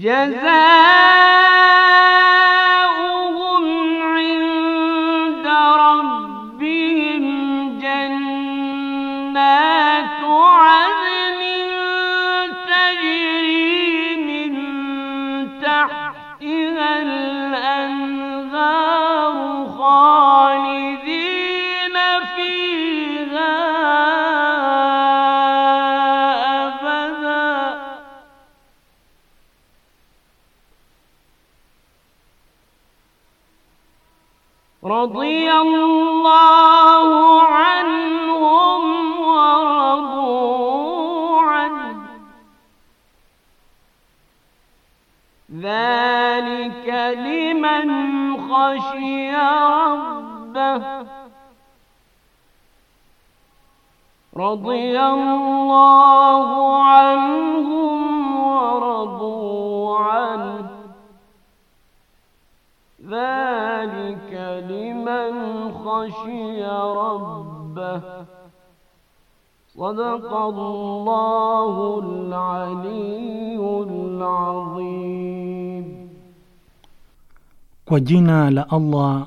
现在。ربه رضي الله عنهم ورضوا عنه ذلك لمن خشي ربه صدق الله العلي العظيم Kwa لالله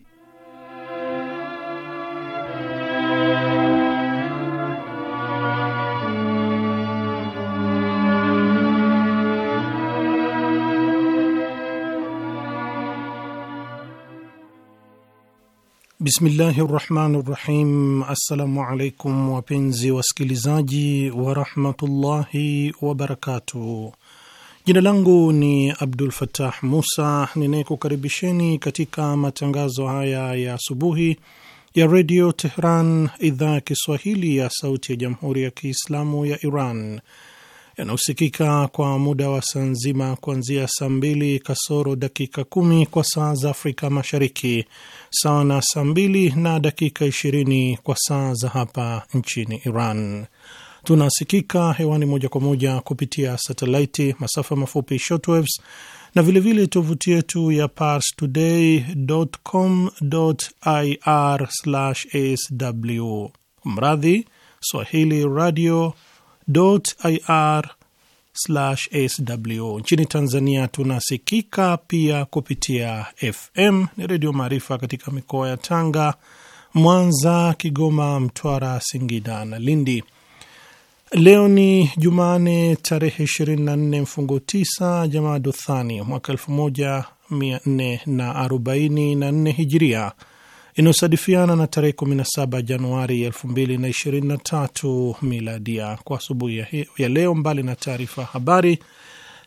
Bismillahi rahmani rahim. Assalamu alaikum wapenzi wasikilizaji warahmatullahi wabarakatuh. Jina langu ni Abdul fatah Musa ninayekukaribisheni katika matangazo haya ya asubuhi ya redio Tehran, idhaa ya Kiswahili ya sauti ya jamhuri ya Kiislamu ya Iran yanayosikika kwa muda wa saa nzima kuanzia saa mbili kasoro dakika kumi kwa saa za Afrika Mashariki, sawa na saa mbili na dakika ishirini kwa saa za hapa nchini Iran. Tunasikika hewani moja kwa moja kupitia satelaiti, masafa mafupi shortwaves na vilevile tovuti yetu ya parstoday.com.ir/sw mradhi swahili radio ir/sw. Nchini Tanzania tunasikika pia kupitia FM ni Redio Maarifa katika mikoa ya Tanga, Mwanza, Kigoma, Mtwara, Singida na Lindi. Leo ni Jumane tarehe 24 mfungo 9 Jamaaduthani mwaka 1444 Hijiria, inayosadifiana na tarehe 17 Januari 2023 miladia. Kwa asubuhi ya leo, mbali na taarifa habari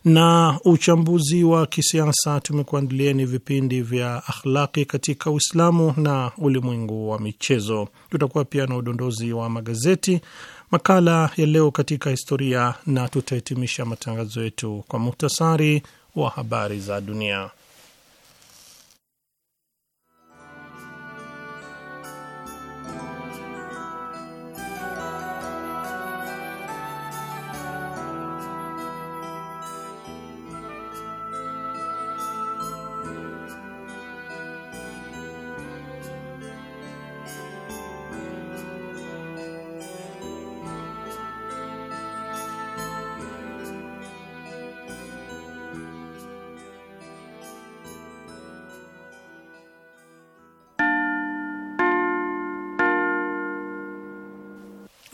na uchambuzi wa kisiasa, tumekuandalieni vipindi vya akhlaki katika Uislamu na ulimwengu wa michezo. Tutakuwa pia na udondozi wa magazeti, makala ya leo katika historia, na tutahitimisha matangazo yetu kwa muhtasari wa habari za dunia.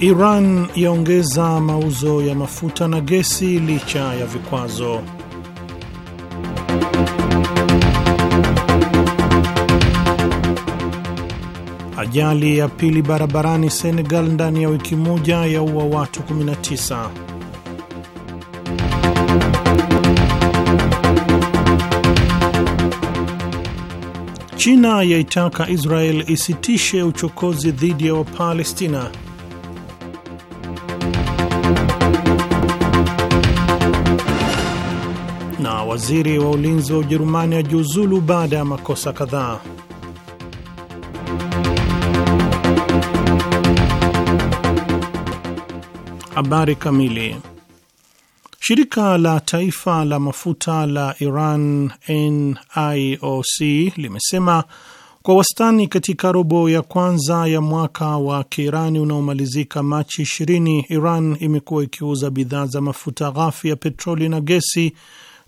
Iran yaongeza mauzo ya mafuta na gesi licha ya vikwazo. Ajali ya pili barabarani Senegal ndani ya wiki moja yaua watu 19. China yaitaka Israel isitishe uchokozi dhidi ya Wapalestina. waziri wa ulinzi wa Ujerumani ajiuzulu baada ya makosa kadhaa. Habari kamili. Shirika la taifa la mafuta la Iran NIOC limesema kwa wastani katika robo ya kwanza ya mwaka wa Kiirani unaomalizika Machi 20, Iran imekuwa ikiuza bidhaa za mafuta ghafi ya petroli na gesi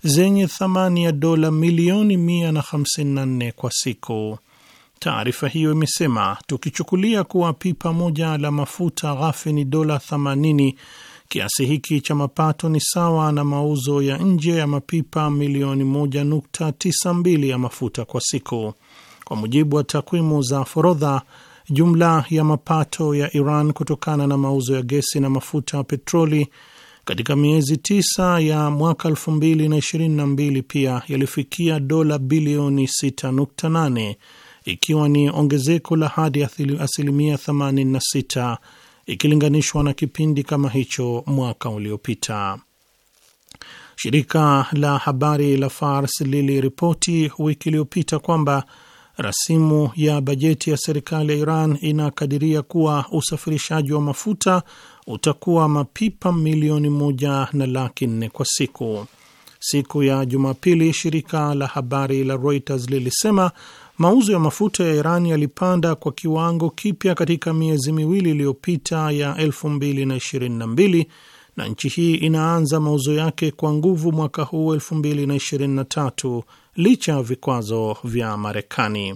zenye thamani ya dola milioni 154 kwa siku. Taarifa hiyo imesema, tukichukulia kuwa pipa moja la mafuta ghafi ni dola 80, kiasi hiki cha mapato ni sawa na mauzo ya nje ya mapipa milioni 1.92 ya mafuta kwa siku. Kwa mujibu wa takwimu za forodha, jumla ya mapato ya Iran kutokana na mauzo ya gesi na mafuta ya petroli katika miezi tisa ya mwaka 2022 pia yalifikia dola bilioni 6.8 ikiwa ni ongezeko la hadi asilimia 86 ikilinganishwa na kipindi kama hicho mwaka uliopita. Shirika la habari la Fars liliripoti wiki iliyopita kwamba Rasimu ya bajeti ya serikali ya Iran inakadiria kuwa usafirishaji wa mafuta utakuwa mapipa milioni moja na laki nne kwa siku. Siku ya Jumapili, shirika la habari la Reuters lilisema mauzo ya mafuta ya Iran yalipanda kwa kiwango kipya katika miezi miwili iliyopita ya 2022 na nchi hii inaanza mauzo yake kwa nguvu mwaka huu 2023 licha ya vikwazo vya Marekani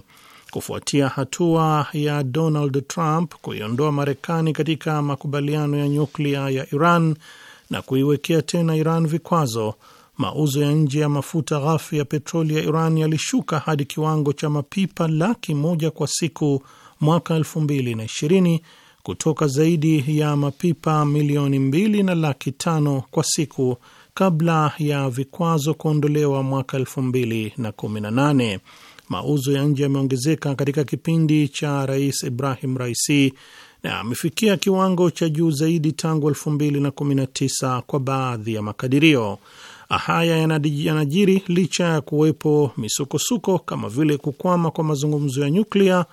kufuatia hatua ya Donald Trump kuiondoa Marekani katika makubaliano ya nyuklia ya Iran na kuiwekea tena Iran vikwazo. Mauzo ya nje ya mafuta ghafi ya petroli ya Iran yalishuka hadi kiwango cha mapipa laki moja kwa siku mwaka ishirini kutoka zaidi ya mapipa milioni mbili na laki tano kwa siku kabla ya vikwazo kuondolewa mwaka nane. Mauzo ya nje yameongezeka katika kipindi cha Rais Ibrahim Raisi na amefikia kiwango cha juu zaidi tangu tisa kwa baadhi ya makadirio. Haya yanajiri licha ya kuwepo misukosuko kama vile kukwama kwa mazungumzo ya nyuklia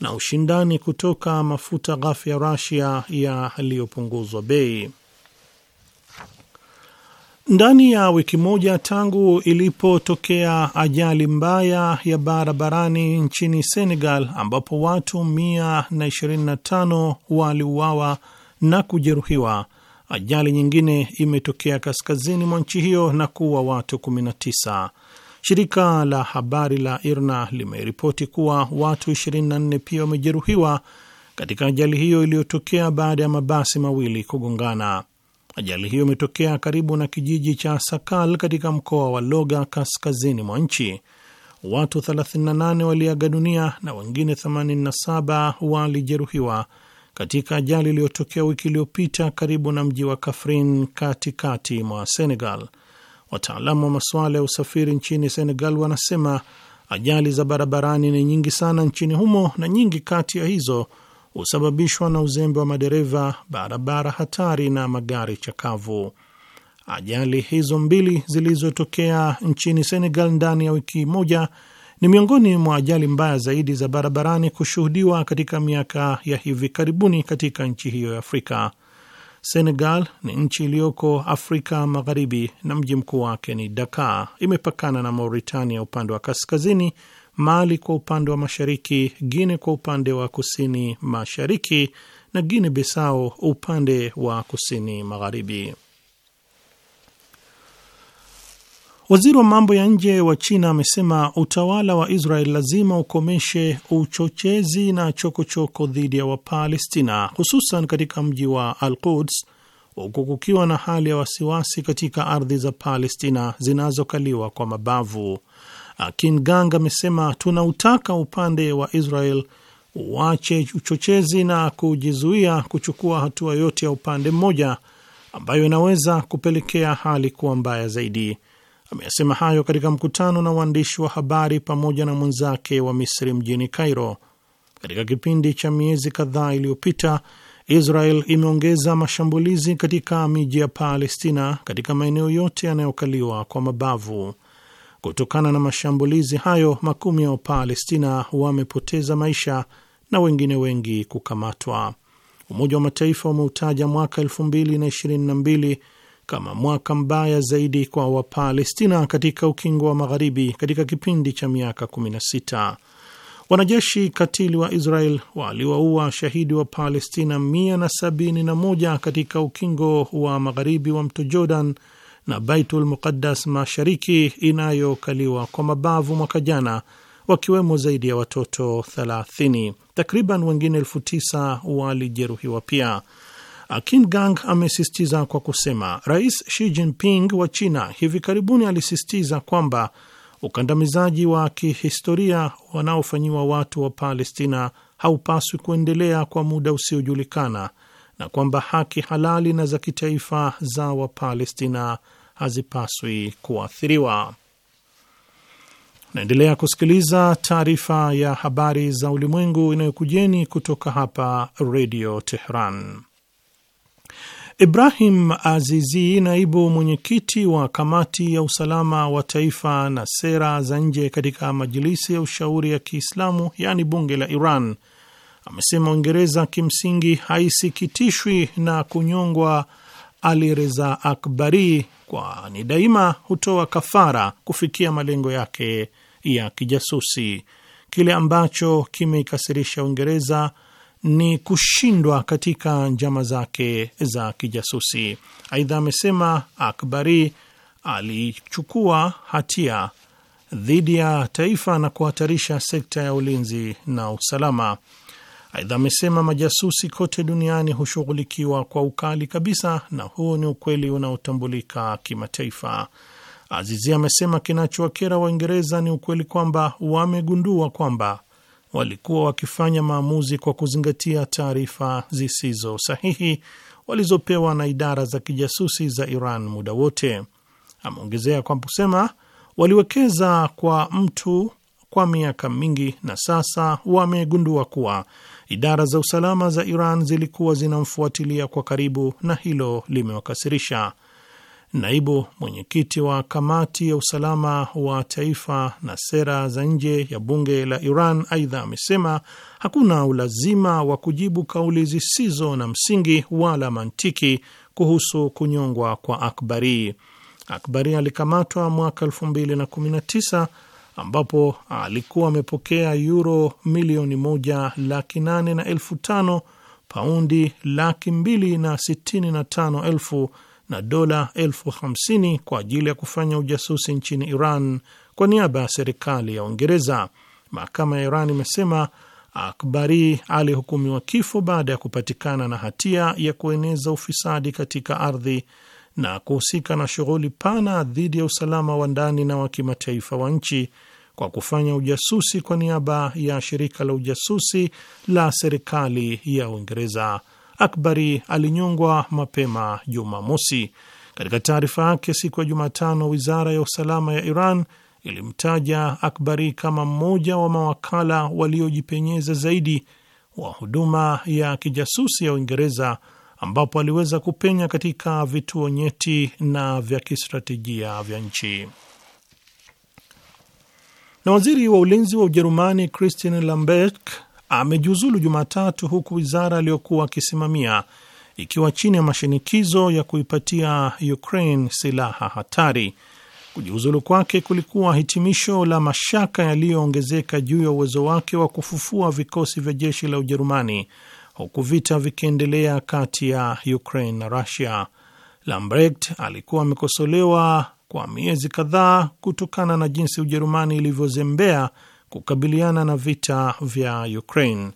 na ushindani kutoka mafuta ghafi ya Rasia yaliyopunguzwa bei. Ndani ya wiki moja tangu ilipotokea ajali mbaya ya barabarani nchini Senegal ambapo watu 125 waliuawa na kujeruhiwa, ajali nyingine imetokea kaskazini mwa nchi hiyo na kuua watu 19. Shirika la habari la IRNA limeripoti kuwa watu 24 pia wamejeruhiwa katika ajali hiyo iliyotokea baada ya mabasi mawili kugongana. Ajali hiyo imetokea karibu na kijiji cha Sakal katika mkoa wa Loga, kaskazini mwa nchi. Watu 38 waliaga dunia na wengine 87 walijeruhiwa katika ajali iliyotokea wiki iliyopita karibu na mji wa Kafrin katikati mwa Senegal. Wataalamu wa masuala ya usafiri nchini Senegal wanasema ajali za barabarani ni nyingi sana nchini humo, na nyingi kati ya hizo husababishwa na uzembe wa madereva, barabara hatari na magari chakavu. Ajali hizo mbili zilizotokea nchini Senegal ndani ya wiki moja ni miongoni mwa ajali mbaya zaidi za barabarani kushuhudiwa katika miaka ya hivi karibuni katika nchi hiyo ya Afrika. Senegal ni nchi iliyoko Afrika Magharibi na mji mkuu wake ni Dakar. Imepakana na Mauritania upande wa kaskazini, Mali kwa upande wa mashariki, Guine kwa upande wa kusini mashariki na Guine Bisau upande wa kusini magharibi. Waziri wa mambo ya nje wa China amesema utawala wa Israel lazima ukomeshe uchochezi na chokochoko dhidi ya Wapalestina, hususan katika mji wa Al Quds, huku kukiwa na hali ya wasiwasi katika ardhi za Palestina zinazokaliwa kwa mabavu. Akin Gang amesema tunautaka upande wa Israel uache uchochezi na kujizuia kuchukua hatua yote ya upande mmoja ambayo inaweza kupelekea hali kuwa mbaya zaidi. Ameyasema hayo katika mkutano na waandishi wa habari pamoja na mwenzake wa Misri mjini Cairo. Katika kipindi cha miezi kadhaa iliyopita, Israel imeongeza mashambulizi katika miji ya Palestina katika maeneo yote yanayokaliwa kwa mabavu. Kutokana na mashambulizi hayo, makumi ya Wapalestina wamepoteza maisha na wengine wengi kukamatwa. Umoja wa Mataifa umeutaja mwaka 2022 kama mwaka mbaya zaidi kwa Wapalestina katika ukingo wa Magharibi katika kipindi cha miaka 16. Wanajeshi katili wa Israel waliwaua shahidi wa Palestina 171 katika ukingo wa Magharibi wa mto Jordan na Baitul Muqaddas mashariki inayokaliwa kwa mabavu mwaka jana, wakiwemo zaidi ya watoto 30. Takriban wengine elfu tisa walijeruhiwa pia. Ah, Kim Gang amesisitiza kwa kusema Rais Xi Jinping wa China hivi karibuni alisisitiza kwamba ukandamizaji wa kihistoria wanaofanyiwa watu wa Palestina haupaswi kuendelea kwa muda usiojulikana na kwamba haki halali na za kitaifa za Wapalestina hazipaswi kuathiriwa. Naendelea kusikiliza taarifa ya habari za ulimwengu inayokujeni kutoka hapa Redio Tehran. Ibrahim Azizi, naibu mwenyekiti wa kamati ya usalama wa taifa na sera za nje katika Majilisi ya Ushauri ya Kiislamu, yaani bunge la Iran, amesema Uingereza kimsingi haisikitishwi na kunyongwa Ali Reza Akbari, kwani daima hutoa kafara kufikia malengo yake ya kijasusi. Kile ambacho kimeikasirisha Uingereza ni kushindwa katika njama zake za kijasusi. Aidha, amesema Akbari alichukua hatia dhidi ya taifa na kuhatarisha sekta ya ulinzi na usalama. Aidha, amesema majasusi kote duniani hushughulikiwa kwa ukali kabisa, na huu ni ukweli unaotambulika kimataifa. Azizi amesema kinachowakera Waingereza ni ukweli kwamba wamegundua kwamba walikuwa wakifanya maamuzi kwa kuzingatia taarifa zisizo sahihi walizopewa na idara za kijasusi za Iran muda wote. Ameongezea kwa kusema waliwekeza kwa mtu kwa miaka mingi na sasa wamegundua kuwa idara za usalama za Iran zilikuwa zinamfuatilia kwa karibu, na hilo limewakasirisha naibu mwenyekiti wa kamati ya usalama wa taifa na sera za nje ya bunge la Iran. Aidha amesema hakuna ulazima wa kujibu kauli zisizo na msingi wala mantiki kuhusu kunyongwa kwa Akbari. Akbari alikamatwa mwaka 2019 ambapo alikuwa amepokea yuro milioni moja laki nane na elfu tano paundi laki mbili na sitini na tano elfu na dola elfu hamsini kwa ajili ya kufanya ujasusi nchini Iran kwa niaba ya serikali ya Uingereza. Mahakama ya Iran imesema Akbari alihukumiwa kifo baada ya kupatikana na hatia ya kueneza ufisadi katika ardhi na kuhusika na shughuli pana dhidi ya usalama wa ndani na wa kimataifa wa nchi kwa kufanya ujasusi kwa niaba ya shirika la ujasusi la serikali ya Uingereza. Akbari alinyongwa mapema Jumamosi. Katika taarifa yake siku ya Jumatano, wizara ya usalama ya Iran ilimtaja Akbari kama mmoja wa mawakala waliojipenyeza zaidi wa huduma ya kijasusi ya Uingereza, ambapo aliweza kupenya katika vituo nyeti na vya kistratejia vya nchi. Na waziri wa ulinzi wa Ujerumani christin Lambert amejiuzulu Jumatatu, huku wizara aliyokuwa akisimamia ikiwa chini ya mashinikizo ya kuipatia Ukraine silaha hatari. Kujiuzulu kwake kulikuwa hitimisho la mashaka yaliyoongezeka juu ya uwezo wake wa kufufua vikosi vya jeshi la Ujerumani, huku vita vikiendelea kati ya Ukraine na Russia. Lambrecht alikuwa amekosolewa kwa miezi kadhaa kutokana na jinsi Ujerumani ilivyozembea kukabiliana na vita vya Ukraine.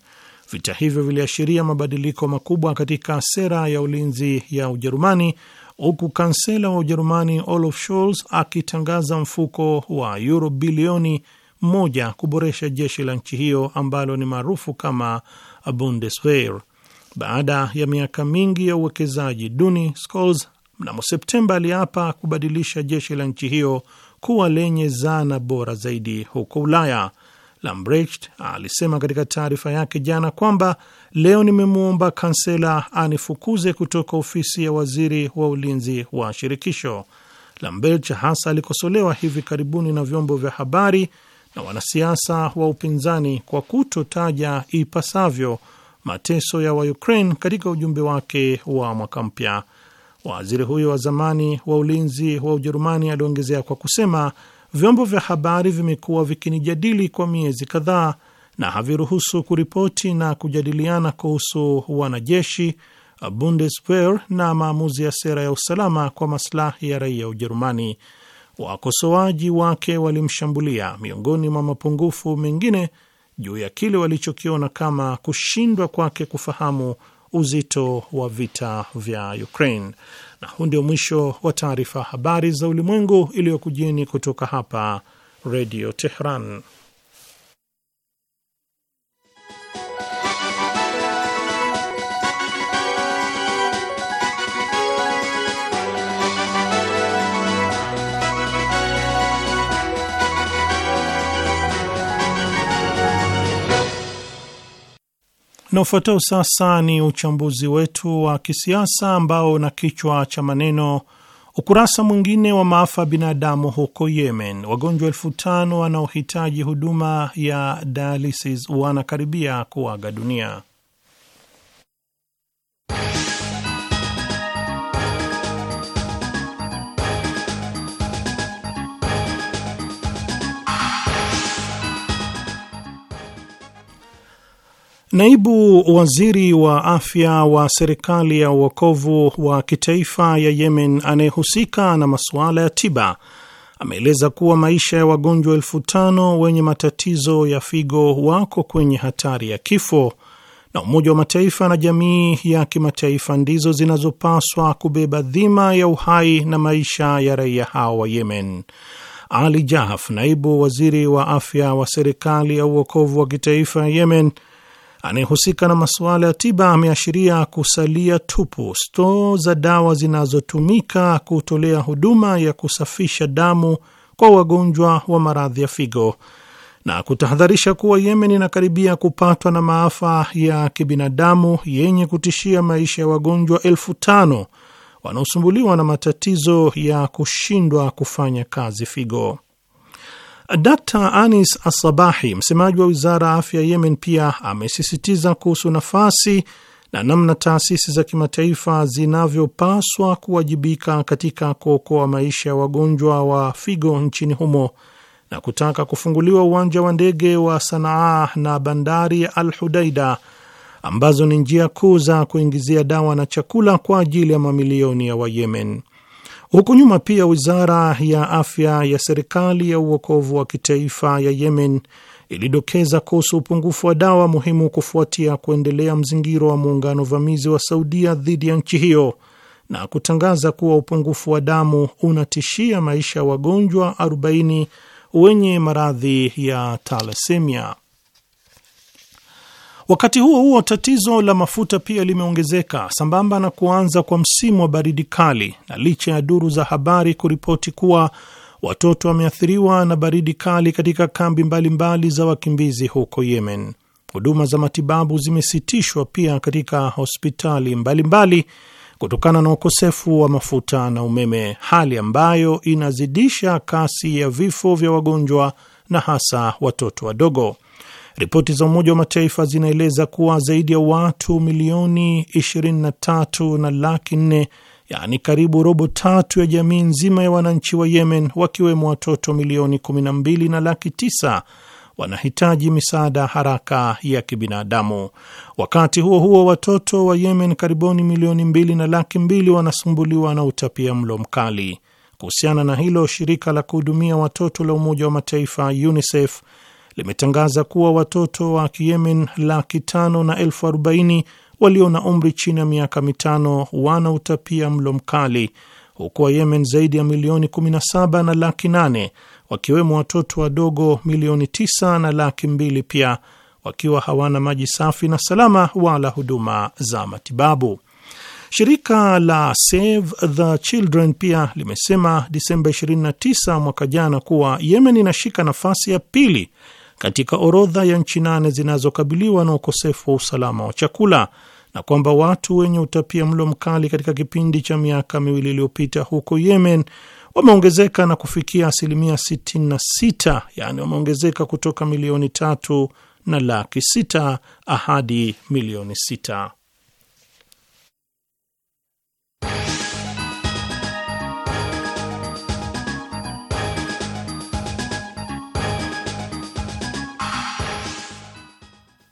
Vita hivyo viliashiria mabadiliko makubwa katika sera ya ulinzi ya Ujerumani, huku kansela wa Ujerumani Olaf Scholz akitangaza mfuko wa euro bilioni moja kuboresha jeshi la nchi hiyo ambalo ni maarufu kama Bundeswehr. Baada ya miaka mingi ya uwekezaji duni, Scholz mnamo Septemba aliapa kubadilisha jeshi la nchi hiyo kuwa lenye zana bora zaidi huko Ulaya. Lambrecht alisema katika taarifa yake jana kwamba leo nimemwomba kansela anifukuze kutoka ofisi ya waziri wa ulinzi wa shirikisho. Lambrecht hasa alikosolewa hivi karibuni na vyombo vya habari na wanasiasa wa upinzani kwa kutotaja ipasavyo mateso ya waukrain katika ujumbe wake wa mwaka mpya. Waziri huyo wa zamani wa ulinzi wa Ujerumani aliongezea kwa kusema vyombo vya habari vimekuwa vikinijadili kwa miezi kadhaa na haviruhusu kuripoti na kujadiliana kuhusu wanajeshi, Bundeswehr na maamuzi ya sera ya usalama kwa maslahi ya raia Ujerumani. Wakosoaji wake walimshambulia, miongoni mwa mapungufu mengine, juu ya kile walichokiona kama kushindwa kwake kufahamu uzito wa vita vya Ukraine. Na huu ndio mwisho wa taarifa habari za ulimwengu iliyokujieni kutoka hapa Redio Tehran. Na ufuatao sasa ni uchambuzi wetu wa kisiasa ambao na kichwa cha maneno ukurasa mwingine wa maafa binadamu huko Yemen, wagonjwa elfu tano wanaohitaji huduma ya dialysis wanakaribia kuaga dunia. Naibu waziri wa afya wa serikali ya uokovu wa kitaifa ya Yemen anayehusika na masuala ya tiba ameeleza kuwa maisha ya wagonjwa elfu tano wenye matatizo ya figo wako kwenye hatari ya kifo, na Umoja wa Mataifa na jamii ya kimataifa ndizo zinazopaswa kubeba dhima ya uhai na maisha ya raia hao wa Yemen. Ali Jahaf, naibu waziri wa afya wa serikali ya uokovu wa kitaifa ya Yemen, anayehusika na masuala ya tiba ameashiria kusalia tupu stoo za dawa zinazotumika kutolea huduma ya kusafisha damu kwa wagonjwa wa maradhi ya figo na kutahadharisha kuwa Yemen inakaribia kupatwa na maafa ya kibinadamu yenye kutishia maisha ya wagonjwa elfu tano wanaosumbuliwa na matatizo ya kushindwa kufanya kazi figo. Dkt Anis Assabahi, msemaji wa wizara ya afya Yemen, pia amesisitiza kuhusu nafasi na namna taasisi za kimataifa zinavyopaswa kuwajibika katika kuokoa maisha ya wagonjwa wa figo nchini humo na kutaka kufunguliwa uwanja wa ndege wa Sanaa na bandari ya Al Hudaida ambazo ni njia kuu za kuingizia dawa na chakula kwa ajili ya mamilioni ya Wayemen. Huko nyuma pia, wizara ya afya ya serikali ya uokovu wa kitaifa ya Yemen ilidokeza kuhusu upungufu wa dawa muhimu kufuatia kuendelea mzingiro wa muungano vamizi wa Saudia dhidi ya nchi hiyo na kutangaza kuwa upungufu wa damu unatishia maisha ya wagonjwa 40 wenye maradhi ya talasemia. Wakati huo huo, tatizo la mafuta pia limeongezeka sambamba na kuanza kwa msimu wa baridi kali, na licha ya duru za habari kuripoti kuwa watoto wameathiriwa na baridi kali katika kambi mbalimbali mbali za wakimbizi huko Yemen. Huduma za matibabu zimesitishwa pia katika hospitali mbalimbali mbali kutokana na ukosefu wa mafuta na umeme, hali ambayo inazidisha kasi ya vifo vya wagonjwa na hasa watoto wadogo. Ripoti za Umoja wa Mataifa zinaeleza kuwa zaidi ya watu milioni 23 na laki 4, yaani karibu robo tatu ya jamii nzima ya wananchi wa Yemen, wakiwemo watoto milioni 12 na laki tisa wanahitaji misaada haraka ya kibinadamu. Wakati huo huo, watoto wa Yemen karibuni milioni mbili na laki mbili wanasumbuliwa na utapia mlo mkali. Kuhusiana na hilo, shirika la kuhudumia watoto la Umoja wa Mataifa UNICEF limetangaza kuwa watoto wa Kiyemen laki tano na elfu arobaini walio na umri chini ya miaka mitano wana utapia mlo mkali huku Wayemen zaidi ya milioni 17 na laki 8 wakiwemo watoto wadogo milioni 9 na laki 2 pia wakiwa hawana maji safi na salama wala huduma za matibabu. Shirika la Save the Children pia limesema Disemba 29 mwaka jana kuwa Yemen inashika nafasi ya pili katika orodha ya nchi nane zinazokabiliwa na ukosefu wa usalama wa chakula na kwamba watu wenye utapia mlo mkali katika kipindi cha miaka miwili iliyopita huko Yemen wameongezeka na kufikia asilimia 66, yani wameongezeka kutoka milioni tatu na laki sita ahadi milioni sita.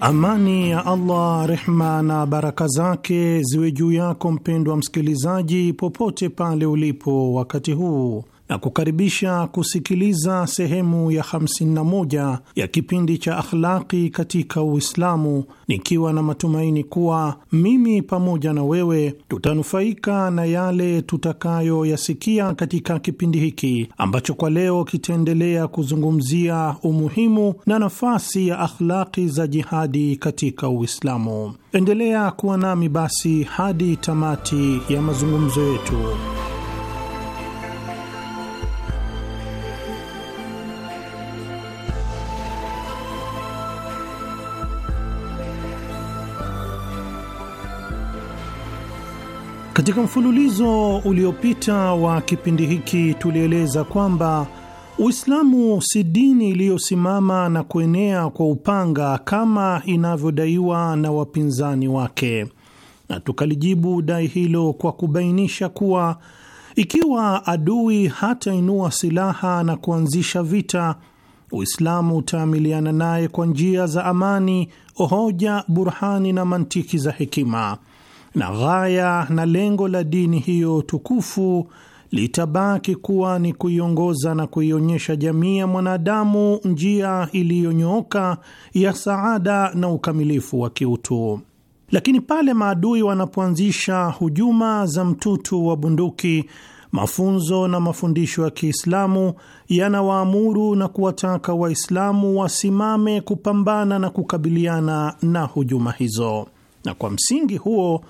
Amani ya Allah, rehma na baraka zake ziwe juu yako mpendwa msikilizaji, popote pale ulipo wakati huu na kukaribisha kusikiliza sehemu ya 51 ya kipindi cha Akhlaqi katika Uislamu, nikiwa na matumaini kuwa mimi pamoja na wewe tutanufaika na yale tutakayoyasikia katika kipindi hiki ambacho kwa leo kitaendelea kuzungumzia umuhimu na nafasi ya akhlaqi za jihadi katika Uislamu. Endelea kuwa nami basi hadi tamati ya mazungumzo yetu. Katika mfululizo uliopita wa kipindi hiki tulieleza kwamba Uislamu si dini iliyosimama na kuenea kwa upanga kama inavyodaiwa na wapinzani wake, na tukalijibu dai hilo kwa kubainisha kuwa ikiwa adui hatainua silaha na kuanzisha vita, Uislamu utaamiliana naye kwa njia za amani, hoja, burhani na mantiki za hekima na ghaya na lengo la dini hiyo tukufu litabaki kuwa ni kuiongoza na kuionyesha jamii ya mwanadamu njia iliyonyooka ya saada na ukamilifu wa kiutu. Lakini pale maadui wanapoanzisha hujuma za mtutu wa bunduki, mafunzo na mafundisho ya Kiislamu yanawaamuru na kuwataka Waislamu wasimame kupambana na kukabiliana na hujuma hizo, na kwa msingi huo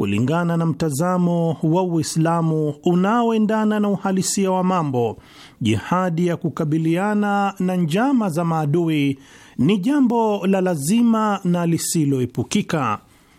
kulingana na mtazamo wa Uislamu unaoendana na uhalisia wa mambo, jihadi ya kukabiliana na njama za maadui ni jambo la lazima na lisiloepukika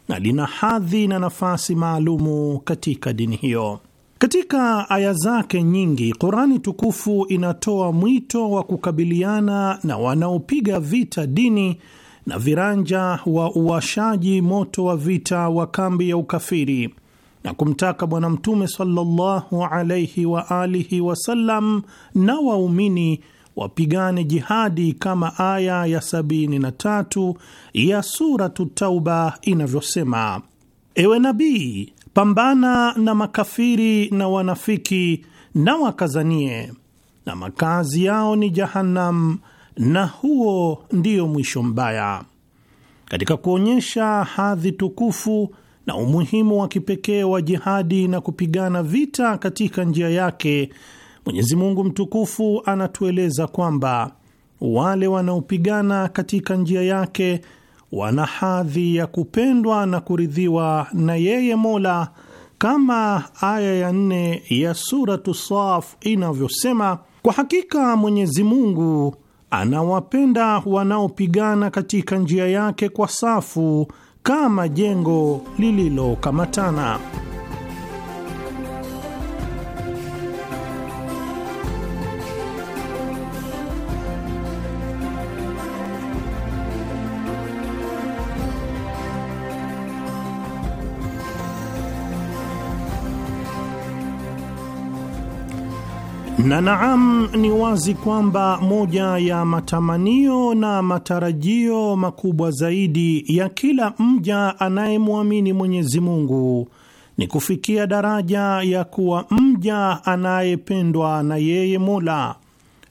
na lina hadhi na nafasi maalumu katika dini hiyo. Katika aya zake nyingi, Qurani tukufu inatoa mwito wa kukabiliana na wanaopiga vita dini na viranja wa uwashaji moto wa vita wa kambi ya ukafiri na kumtaka Bwana Mtume sallallahu alaihi wa alihi wasallam na waumini wapigane jihadi kama aya ya 73 ya Suratu Tauba inavyosema: ewe nabii, pambana na makafiri na wanafiki na wakazanie, na makazi yao ni Jahannam na huo ndio mwisho mbaya. Katika kuonyesha hadhi tukufu na umuhimu wa kipekee wa jihadi na kupigana vita katika njia yake, Mwenyezi Mungu mtukufu anatueleza kwamba wale wanaopigana katika njia yake wana hadhi ya kupendwa na kuridhiwa na yeye Mola, kama aya ya nne ya Suratu Saf inavyosema, kwa hakika Mwenyezi Mungu anawapenda wanaopigana katika njia yake kwa safu kama jengo lililokamatana. Na naam, ni wazi kwamba moja ya matamanio na matarajio makubwa zaidi ya kila mja anayemwamini Mwenyezi Mungu ni kufikia daraja ya kuwa mja anayependwa na yeye Mola,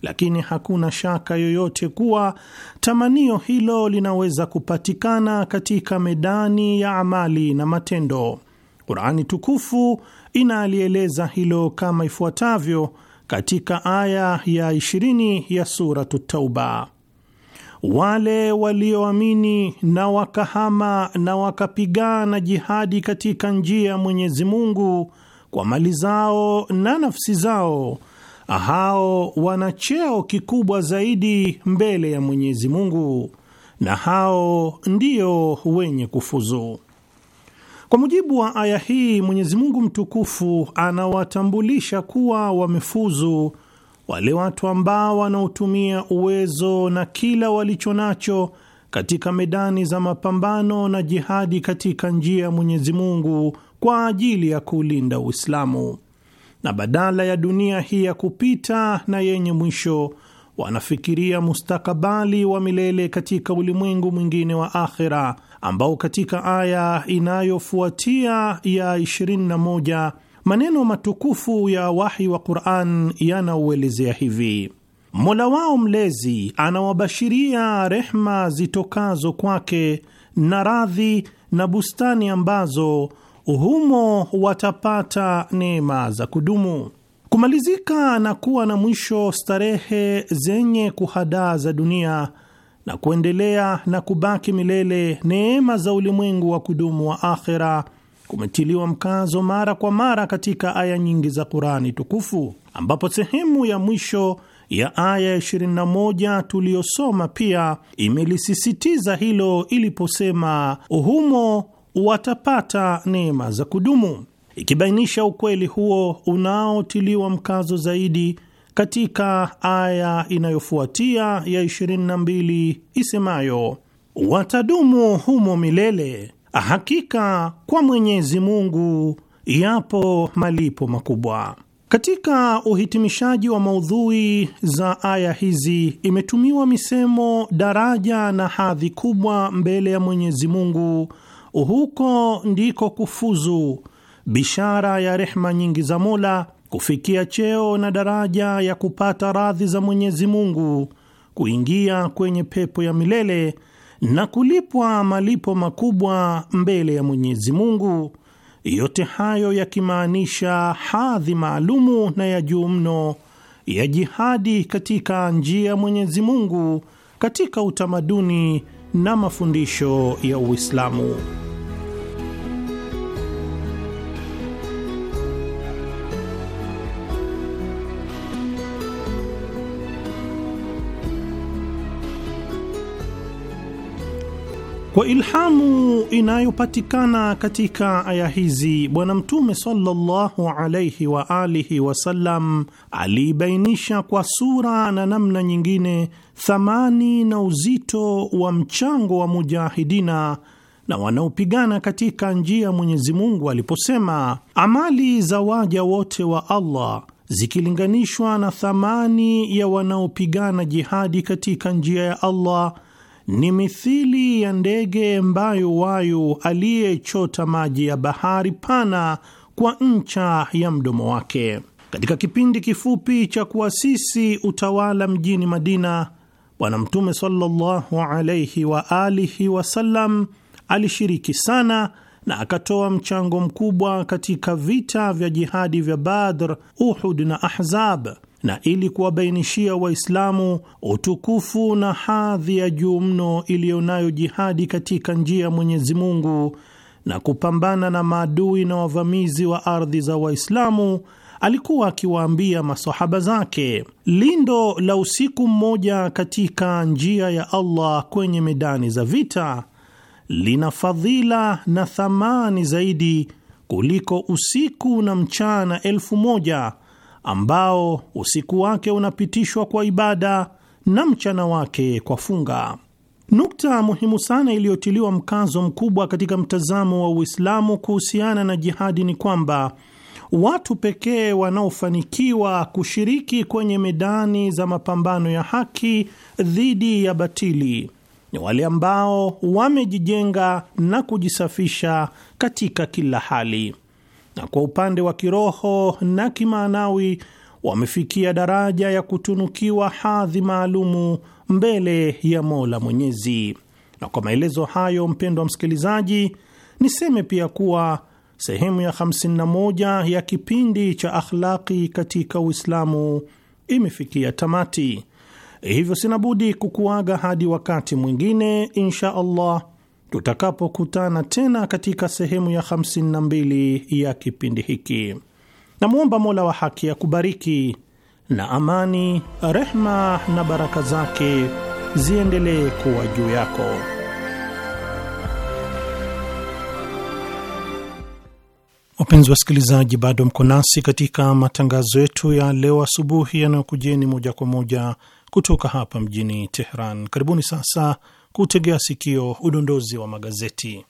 lakini hakuna shaka yoyote kuwa tamanio hilo linaweza kupatikana katika medani ya amali na matendo. Qurani tukufu inaalieleza hilo kama ifuatavyo katika aya ya 20 ya suratu Tauba, wale walioamini na wakahama na wakapigana jihadi katika njia ya Mwenyezi Mungu kwa mali zao na nafsi zao, hao wana cheo kikubwa zaidi mbele ya Mwenyezi Mungu, na hao ndio wenye kufuzu. Kwa mujibu wa aya hii, Mwenyezi Mungu mtukufu anawatambulisha kuwa wamefuzu wale watu ambao wanaotumia uwezo na kila walicho nacho katika medani za mapambano na jihadi katika njia ya Mwenyezi Mungu kwa ajili ya kulinda Uislamu, na badala ya dunia hii ya kupita na yenye mwisho wanafikiria mustakabali wa milele katika ulimwengu mwingine wa akhera ambao katika aya inayofuatia ya 21 maneno matukufu ya wahi wa Qur'an yanauelezea hivi: Mola wao mlezi anawabashiria rehma zitokazo kwake na radhi na bustani ambazo humo watapata neema za kudumu. Kumalizika na kuwa na mwisho starehe zenye kuhadaa za dunia na kuendelea na kubaki milele neema za ulimwengu wa kudumu wa akhera kumetiliwa mkazo mara kwa mara katika aya nyingi za Kurani tukufu, ambapo sehemu ya mwisho ya aya 21 tuliyosoma pia imelisisitiza hilo iliposema, humo watapata neema za kudumu, ikibainisha ukweli huo unaotiliwa mkazo zaidi katika aya inayofuatia ya 22 isemayo, watadumu humo milele, hakika kwa Mwenyezi Mungu yapo malipo makubwa. Katika uhitimishaji wa maudhui za aya hizi imetumiwa misemo daraja na hadhi kubwa mbele ya Mwenyezi Mungu, huko ndiko kufuzu, bishara ya rehma nyingi za Mola kufikia cheo na daraja ya kupata radhi za Mwenyezi Mungu, kuingia kwenye pepo ya milele na kulipwa malipo makubwa mbele ya Mwenyezi Mungu, yote hayo yakimaanisha hadhi maalumu na ya juu mno ya jihadi katika njia ya Mwenyezi Mungu katika utamaduni na mafundisho ya Uislamu. Kwa ilhamu inayopatikana katika aya hizi, Bwana Mtume sallallahu alaihi wa alihi wasallam aliibainisha kwa sura na namna nyingine thamani na uzito wa mchango wa mujahidina na wanaopigana katika njia ya Mwenyezi Mungu aliposema, amali za waja wote wa Allah zikilinganishwa na thamani ya wanaopigana jihadi katika njia ya Allah ni mithili ya ndege mbayo wayo aliyechota maji ya bahari pana kwa ncha ya mdomo wake. Katika kipindi kifupi cha kuasisi utawala mjini Madina, Bwana Mtume sallallahu wa alihi wasallam alishiriki sana na akatoa mchango mkubwa katika vita vya jihadi vya Badr, Uhud na Ahzab na ili kuwabainishia Waislamu utukufu na hadhi ya juu mno iliyonayo jihadi katika njia ya Mwenyezi Mungu na kupambana na maadui na wavamizi wa ardhi za Waislamu, alikuwa akiwaambia masahaba zake, lindo la usiku mmoja katika njia ya Allah kwenye medani za vita lina fadhila na thamani zaidi kuliko usiku na mchana elfu moja ambao usiku wake unapitishwa kwa ibada na mchana wake kwa funga. Nukta muhimu sana iliyotiliwa mkazo mkubwa katika mtazamo wa Uislamu kuhusiana na jihadi ni kwamba watu pekee wanaofanikiwa kushiriki kwenye medani za mapambano ya haki dhidi ya batili ni wale ambao wamejijenga na kujisafisha katika kila hali na kwa upande wa kiroho na kimaanawi wamefikia daraja ya kutunukiwa hadhi maalumu mbele ya Mola Mwenyezi. Na kwa maelezo hayo, mpendwa msikilizaji, niseme pia kuwa sehemu ya 51 ya kipindi cha akhlaqi katika Uislamu imefikia tamati. Hivyo sinabudi kukuaga hadi wakati mwingine insha Allah tutakapokutana tena katika sehemu ya 52 ya kipindi hiki. Namwomba Mola wa haki akubariki na amani, rehma na baraka zake ziendelee kuwa juu yako. Wapenzi wasikilizaji, bado mko nasi katika matangazo yetu ya leo asubuhi yanayokujeni moja kwa moja kutoka hapa mjini Tehran. Karibuni sasa kutegea sikio udondozi wa magazeti.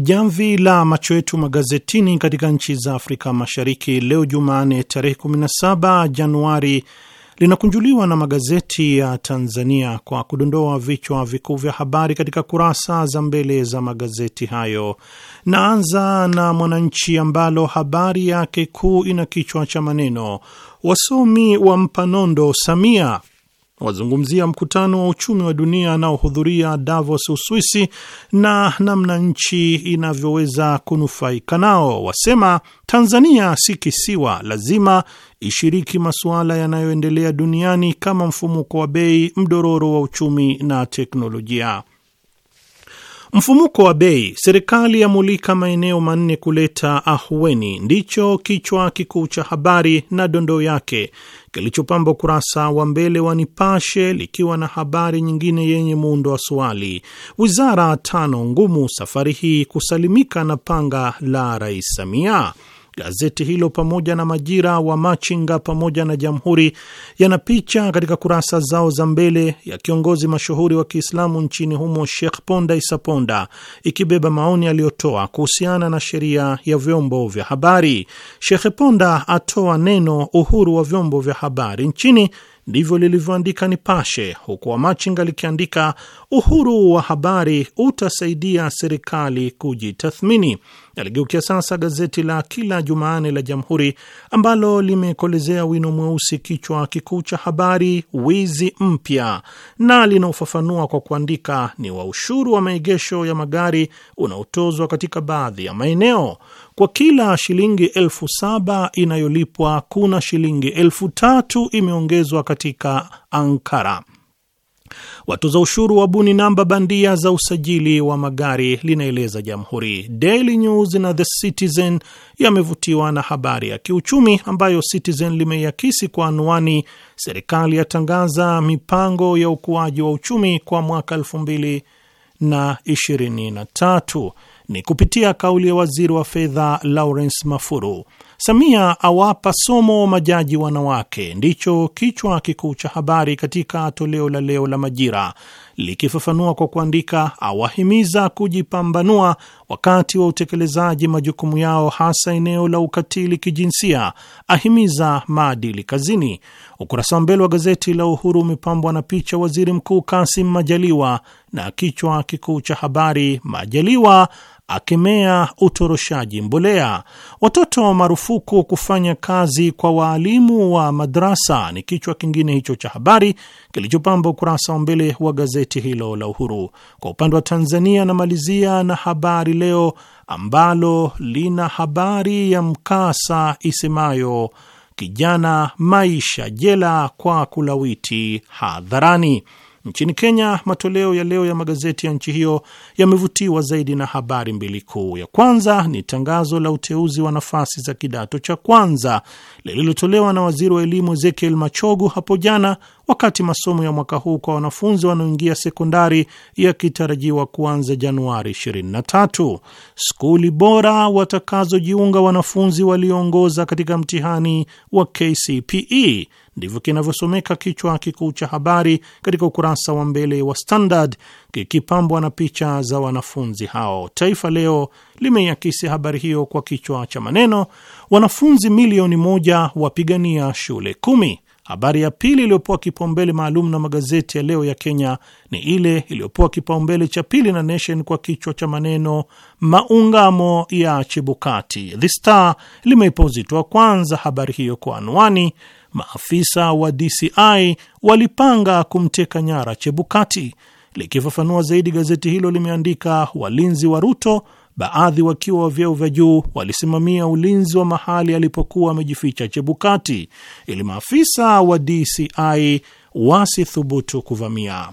Jamvi la macho yetu magazetini katika nchi za Afrika Mashariki leo Jumanne tarehe 17 Januari linakunjuliwa na magazeti ya Tanzania kwa kudondoa vichwa vikuu vya habari katika kurasa za mbele za magazeti hayo. Naanza na Mwananchi ambalo habari yake kuu ina kichwa cha maneno wasomi wa mpanondo Samia wazungumzia mkutano wa uchumi wa dunia anaohudhuria Davos, Uswisi, na namna nchi inavyoweza kunufaika nao. Wasema Tanzania si kisiwa, lazima ishiriki masuala yanayoendelea duniani kama mfumuko wa bei, mdororo wa uchumi na teknolojia. Mfumuko wa bei, serikali yamulika maeneo manne kuleta ahueni, ndicho kichwa kikuu cha habari na dondoo yake kilichopamba ukurasa wa mbele wa Nipashe, likiwa na habari nyingine yenye muundo wa swali, wizara tano ngumu safari hii kusalimika na panga la Rais Samia. Gazeti hilo pamoja na Majira wa Machinga pamoja na Jamhuri yana picha katika kurasa zao za mbele ya kiongozi mashuhuri wa Kiislamu nchini humo Sheikh Ponda Isa Ponda, ikibeba maoni aliyotoa kuhusiana na sheria ya vyombo vya habari. Shekhe Ponda atoa neno uhuru wa vyombo vya habari nchini ndivyo lilivyoandika Nipashe, huku Wamachinga likiandika uhuru wa habari utasaidia serikali kujitathmini. Naligeukia sasa gazeti la kila Jumanne la Jamhuri ambalo limekolezea wino mweusi kichwa kikuu cha habari wizi mpya, na linaofafanua kwa kuandika ni wa ushuru wa maegesho ya magari unaotozwa katika baadhi ya maeneo. Kwa kila shilingi elfu saba inayolipwa kuna shilingi elfu tatu imeongezwa katika Ankara. Watoza ushuru wabuni namba bandia za usajili wa magari, linaeleza Jamhuri. Daily News na The Citizen yamevutiwa na habari ya kiuchumi ambayo Citizen limeiakisi kwa anwani, serikali yatangaza mipango ya ukuaji wa uchumi kwa mwaka tatu ni kupitia kauli ya waziri wa fedha Lawrence Mafuru. Samia awapa somo majaji wanawake, ndicho kichwa kikuu cha habari katika toleo la leo la Majira, likifafanua kwa kuandika, awahimiza kujipambanua wakati wa utekelezaji majukumu yao, hasa eneo la ukatili kijinsia, ahimiza maadili kazini. Ukurasa wa mbele wa gazeti la Uhuru umepambwa na picha waziri mkuu Kasim Majaliwa na kichwa kikuu cha habari, Majaliwa akemea utoroshaji mbolea. Watoto marufuku kufanya kazi kwa waalimu wa madrasa ni kichwa kingine hicho cha habari kilichopamba ukurasa wa mbele wa gazeti hilo la Uhuru. Kwa upande wa Tanzania, namalizia na Habari Leo ambalo lina habari ya mkasa isemayo kijana maisha jela kwa kulawiti hadharani. Nchini Kenya, matoleo ya leo ya magazeti ya nchi hiyo yamevutiwa zaidi na habari mbili kuu. Ya kwanza ni tangazo la uteuzi wa nafasi za kidato cha kwanza lililotolewa na waziri wa elimu Ezekiel Machogu hapo jana wakati masomo ya mwaka huu kwa wanafunzi wanaoingia sekondari yakitarajiwa kuanza Januari 23. Skuli bora watakazojiunga wanafunzi walioongoza katika mtihani wa KCPE, ndivyo kinavyosomeka kichwa kikuu cha habari katika ukurasa wa mbele wa Standard, kikipambwa na picha za wanafunzi hao. Taifa Leo limeiakisi habari hiyo kwa kichwa cha maneno, wanafunzi milioni moja wapigania shule kumi. Habari ya pili iliyopewa kipaumbele maalum na magazeti ya leo ya Kenya ni ile iliyopewa kipaumbele cha pili na Nation kwa kichwa cha maneno maungamo ya Chebukati. The Star limeipa uzito wa kwanza habari hiyo kwa anwani maafisa wa DCI walipanga kumteka nyara Chebukati. Likifafanua zaidi, gazeti hilo limeandika walinzi wa Ruto baadhi wakiwa wa vyeo vya juu walisimamia ulinzi wa mahali alipokuwa amejificha Chebukati ili maafisa wa DCI wasithubutu kuvamia.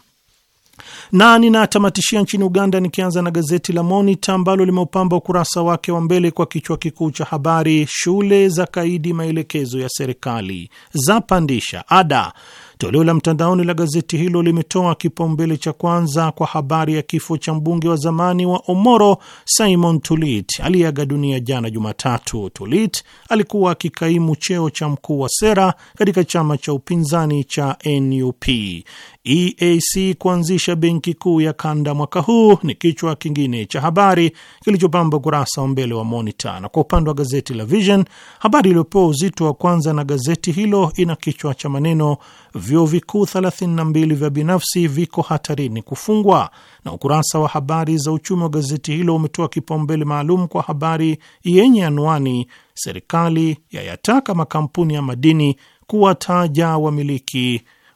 Na ninatamatishia nchini Uganda, nikianza na gazeti la Monita ambalo limeupamba ukurasa wake wa mbele kwa kichwa kikuu cha habari, shule za kaidi maelekezo ya serikali, zapandisha ada Toleo la mtandaoni la gazeti hilo limetoa kipaumbele cha kwanza kwa habari ya kifo cha mbunge wa zamani wa Omoro Simon Tulit aliyeaga dunia jana Jumatatu. Tulit alikuwa akikaimu cheo cha mkuu wa sera katika chama cha upinzani cha NUP. EAC kuanzisha benki kuu ya kanda mwaka huu ni kichwa kingine cha habari kilichopamba ukurasa wa mbele wa Monita, na kwa upande wa gazeti la Vision, habari iliyopewa uzito wa kwanza na gazeti hilo ina kichwa cha maneno vyuo vikuu 32 vya binafsi viko hatarini kufungwa, na ukurasa wa habari za uchumi wa gazeti hilo umetoa kipaumbele maalum kwa habari yenye anwani serikali yayataka makampuni ya madini kuwataja wamiliki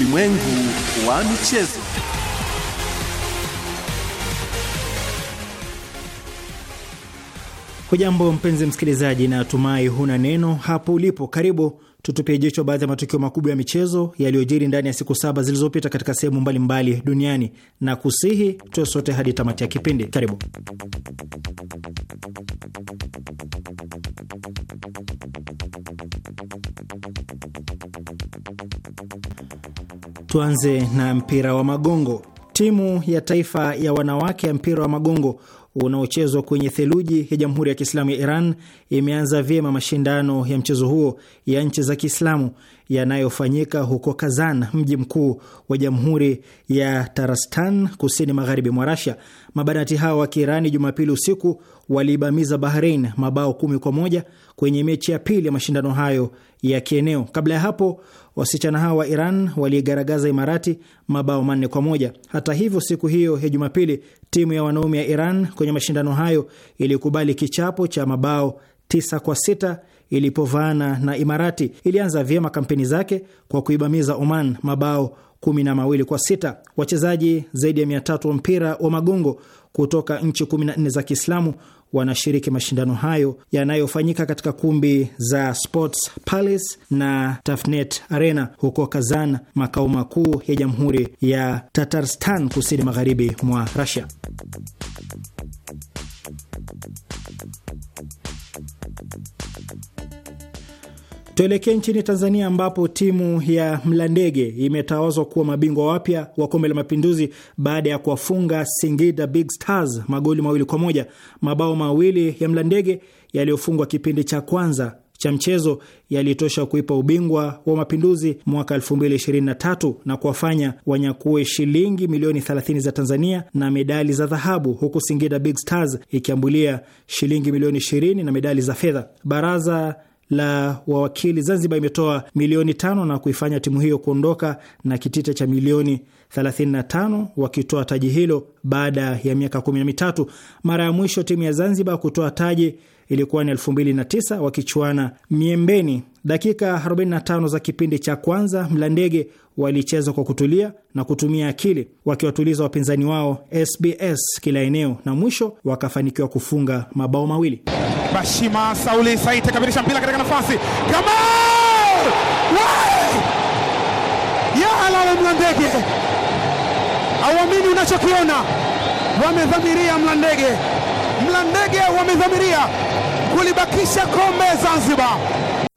ulimwengu wa michezo. Hujambo mpenzi msikilizaji, na atumai huna neno hapo ulipo. Karibu tutupie jicho baadhi ya matukio makubwa ya michezo yaliyojiri ndani ya siku saba zilizopita katika sehemu mbalimbali duniani na kusihi tuwe sote hadi tamati ya kipindi. Karibu. Tuanze na mpira wa magongo. Timu ya taifa ya wanawake ya mpira wa magongo unaochezwa kwenye theluji ya Jamhuri ya Kiislamu ya Iran imeanza vyema mashindano ya mchezo huo ya nchi za Kiislamu yanayofanyika huko Kazan, mji mkuu wa Jamhuri ya Tarastan, kusini magharibi mwa Rasia. Mabanati hao wa Kiirani Jumapili usiku waliibamiza Bahrein mabao kumi kwa moja kwenye mechi ya pili ya mashindano hayo ya kieneo. Kabla ya hapo Wasichana hawa wa Iran waliigaragaza Imarati mabao manne kwa moja. Hata hivyo, siku hiyo ya Jumapili timu ya wanaume ya Iran kwenye mashindano hayo ilikubali kichapo cha mabao tisa kwa sita ilipovaana na Imarati. Ilianza vyema kampeni zake kwa kuibamiza Oman mabao kumi na mawili kwa sita. Wachezaji zaidi ya mia tatu wa mpira wa magongo kutoka nchi 14 za Kiislamu wanashiriki mashindano hayo yanayofanyika katika kumbi za Sports Palace na Tafnet Arena huko Kazan, makao makuu ya Jamhuri ya Tatarstan kusini magharibi mwa rusia Tuelekee nchini Tanzania ambapo timu ya Mlandege imetawazwa kuwa mabingwa wapya wa kombe la Mapinduzi baada ya kuwafunga Singida Big Stars magoli mawili kwa moja. Mabao mawili ya Mlandege yaliyofungwa kipindi cha kwanza cha mchezo yalitosha kuipa ubingwa wa mapinduzi mwaka 2023 na kuwafanya wanyakue shilingi milioni 30 za Tanzania na medali za dhahabu, huku Singida Big Stars ikiambulia shilingi milioni 20 na medali za fedha. Baraza la wawakili Zanzibar imetoa milioni tano na kuifanya timu hiyo kuondoka na kitita cha milioni 35 wakitoa taji hilo baada ya miaka 13. Mara ya mwisho timu ya Zanzibar kutoa taji ilikuwa ni 2009 wakichuana Miembeni. Dakika 45 za kipindi cha kwanza Mlandege walicheza kwa kutulia na kutumia akili, wakiwatuliza wapinzani wao SBS kila eneo, na mwisho wakafanikiwa kufunga mabao mawili. Bashima Sauli Said kabirisha mpira katika nafasi kama ya halala Mlandege hauamini unachokiona. Wamedhamiria Mlandege, Mlandege wamedhamiria kulibakisha kombe Zanzibar.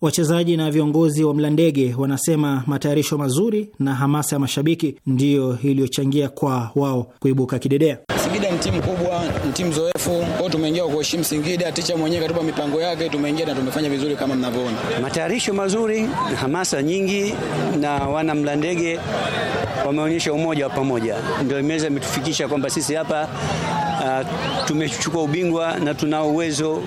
Wachezaji na viongozi wa Mlandege wanasema matayarisho mazuri na hamasa ya mashabiki ndiyo iliyochangia kwa wao kuibuka kidedea. Singida ni timu kubwa, ni timu zoefu kwao, tumeingia kwa kuheshimu Singida. Ticha mwenyewe katupa mipango yake, tumeingia na tumefanya vizuri kama mnavyoona, matayarisho mazuri, hamasa nyingi, na wana Mlandege wameonyesha umoja wa pamoja, ndio imeweza imetufikisha kwamba sisi hapa uh, tumechukua ubingwa na tunao uwezo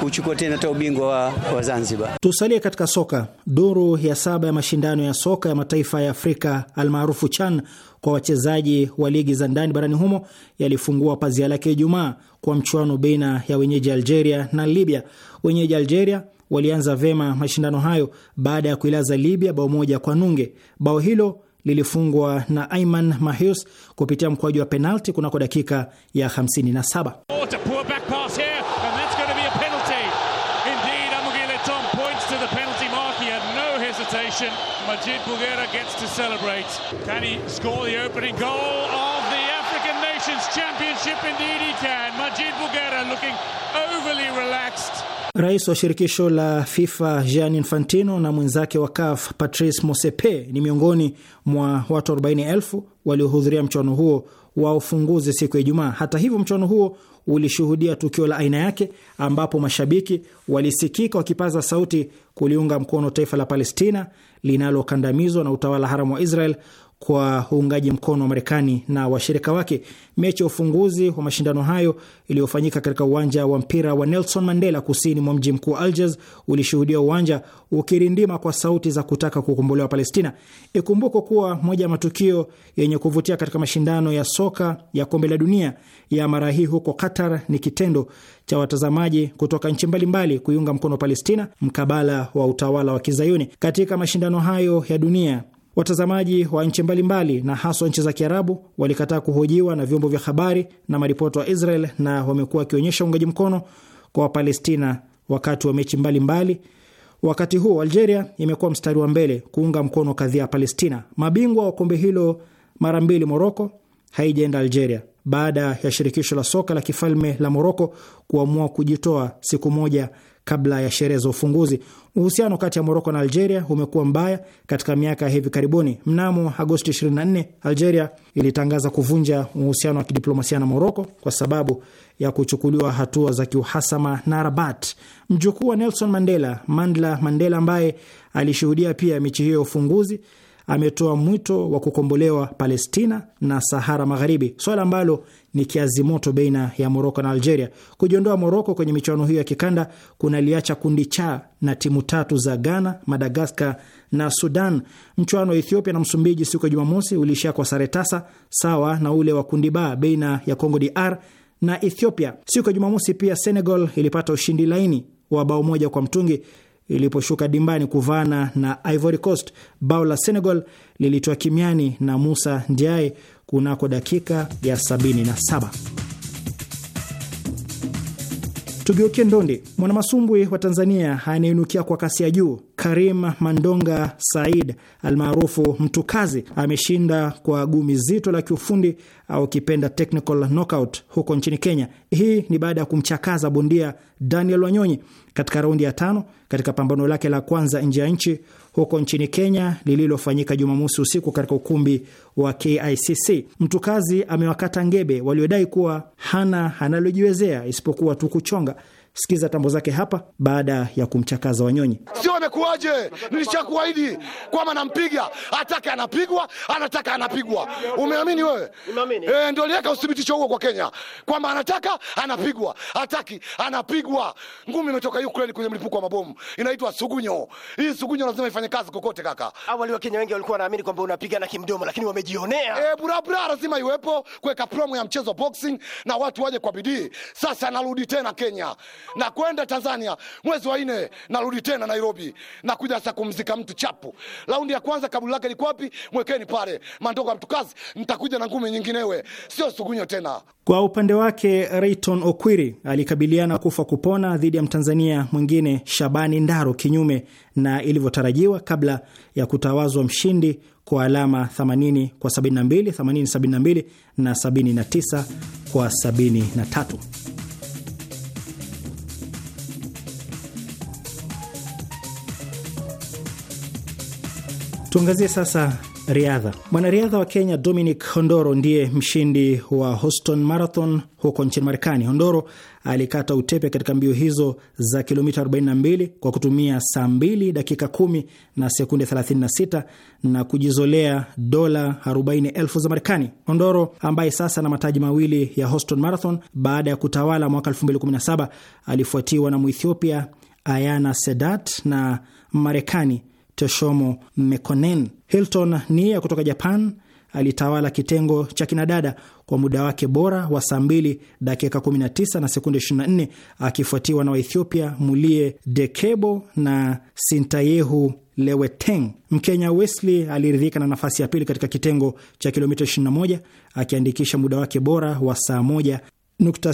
kuchukua tena hata ubingwa wa, wa Zanzibar. Tusalie katika soka. Duru ya saba ya mashindano ya soka ya mataifa ya Afrika almaarufu CHAN kwa wachezaji wa ligi za ndani barani humo yalifungua pazia lake Ijumaa kwa mchuano baina ya wenyeji Algeria na Libya. Wenyeji Algeria walianza vema mashindano hayo baada ya kuilaza Libya bao moja kwa nunge. Bao hilo lilifungwa na Aiman Mahius kupitia mkwaju wa penalti kunako dakika ya 57. Majid Bugera looking overly relaxed. Rais wa shirikisho la FIFA jean Infantino na mwenzake wa CAF Patrice Motsepe ni miongoni mwa watu 40,000 waliohudhuria mchuano huo wa ufunguzi siku ya Ijumaa. Hata hivyo, mchuano huo ulishuhudia tukio la aina yake ambapo mashabiki walisikika wakipaza sauti kuliunga mkono taifa la Palestina linalokandamizwa na utawala haramu wa Israel kwa uungaji mkono wa Marekani na washirika wake. Mechi ya ufunguzi wa mashindano hayo iliyofanyika katika uwanja wa mpira wa Nelson Mandela kusini mwa mji mkuu Algiers ulishuhudia uwanja ukirindima kwa sauti za kutaka kukombolewa Palestina. Ikumbukwe kuwa moja ya matukio yenye kuvutia katika mashindano ya soka ya kombe la dunia ya mara hii huko Qatar ni kitendo cha watazamaji kutoka nchi mbalimbali kuiunga mkono Palestina mkabala wa utawala wa Kizayuni. Katika mashindano hayo ya dunia Watazamaji wa nchi mbalimbali na haswa nchi za Kiarabu walikataa kuhojiwa na vyombo vya habari na maripota wa Israel na wamekuwa wakionyesha uungaji mkono kwa Wapalestina wakati wa mechi mbalimbali. Wakati huo Algeria imekuwa mstari wa mbele kuunga mkono kadhia ya Palestina. Mabingwa wa kombe hilo mara mbili Moroko haijaenda Algeria baada ya shirikisho la soka la kifalme la Moroko kuamua kujitoa siku moja kabla ya sherehe za ufunguzi. Uhusiano kati ya Moroko na Algeria umekuwa mbaya katika miaka ya hivi karibuni. Mnamo Agosti 24 Algeria ilitangaza kuvunja uhusiano wa kidiplomasia na Moroko kwa sababu ya kuchukuliwa hatua za kiuhasama na Rabat. Mjukuu wa Nelson Mandela, Mandla Mandela, ambaye alishuhudia pia michi hiyo ya ufunguzi ametoa mwito wa kukombolewa Palestina na Sahara Magharibi, swala ambalo ni kiazi moto baina ya Moroko na Algeria. Kujiondoa Moroko kwenye michuano hiyo ya kikanda kunaliacha kundi cha na timu tatu za Ghana, Madagaskar na Sudan. Mchuano wa Ethiopia na Msumbiji siku ya Jumamosi uliishia kwa sare tasa sawa na ule wa kundi ba baina ya Congo DR na Ethiopia. Siku ya Jumamosi pia Senegal ilipata ushindi laini wa bao moja kwa mtungi iliposhuka dimbani kuvana na Ivory Coast. Bao la Senegal lilitoa kimiani na Musa Ndiaye kunako dakika ya 77. Tugeukie ndondi. Mwanamasumbwi wa Tanzania anainukia kwa kasi ya juu Karim Mandonga Said almaarufu Mtukazi ameshinda kwa gumi zito la kiufundi au kipenda technical knockout huko nchini Kenya. Hii ni baada ya kumchakaza bondia Daniel Wanyonyi katika raundi ya tano katika pambano lake la kwanza nje ya nchi huko nchini Kenya lililofanyika Jumamosi usiku katika ukumbi wa KICC. Mtukazi amewakata ngebe waliodai kuwa hana analojiwezea isipokuwa tu kuchonga. Sikiza tambo zake hapa baada ya kumchakaza Wanyonyi. Sio amekuwaje? Nilishakuahidi kwamba nampiga, atake anapigwa, anataka anapigwa. Umeamini wewe? E, ndio liweka uthibitisho huo kwa Kenya kwamba anataka anapigwa, ataki anapigwa. Ngumi imetoka Ukraine kwenye mlipuko wa mabomu, inaitwa sugunyo. Hii sugunyo lazima ifanye kazi kokote, kaka. Awali wengi walikuwa wanaamini kwamba unapigana kimdomo, lakini wamejionea. E, eh, burabura lazima iwepo, kuweka promo ya mchezo boxing na watu waje kwa bidii. Sasa narudi tena Kenya na kwenda Tanzania mwezi wa nne, narudi tena Nairobi na kuja sasa kumzika mtu chapu. Raundi ya kwanza kaburi lake liko wapi? Mwekeni pale Mandoko ya Mtukazi, nitakuja na ngumi nyinginewe, sio sugunyo tena. Kwa upande wake Rayton Okwiri alikabiliana kufa kupona dhidi ya Mtanzania mwingine Shabani Ndaro kinyume na ilivyotarajiwa kabla ya kutawazwa mshindi kwa alama 80 kwa 72, 80 72 na 79 kwa 73. Tuangazie sasa riadha. Mwanariadha wa Kenya Dominic Hondoro ndiye mshindi wa Houston Marathon huko nchini Marekani. Hondoro alikata utepe katika mbio hizo za kilomita 42 kwa kutumia saa 2 dakika 10 na sekunde 36 na kujizolea dola 40,000 za Marekani. Hondoro ambaye sasa ana mataji mawili ya Houston Marathon baada ya kutawala mwaka 2017 alifuatiwa na Muethiopia Ayana Sedat na Marekani Toshomo Mekonen. Hilton Nia kutoka Japan alitawala kitengo cha kinadada kwa muda wake bora wa saa 2 dakika 19 na sekunde 24, akifuatiwa na Waethiopia Mulie Dekebo na Sintayehu Leweteng. Mkenya Wesley aliridhika na nafasi ya pili katika kitengo cha kilomita 21 akiandikisha muda wake bora wa saa 1 nukta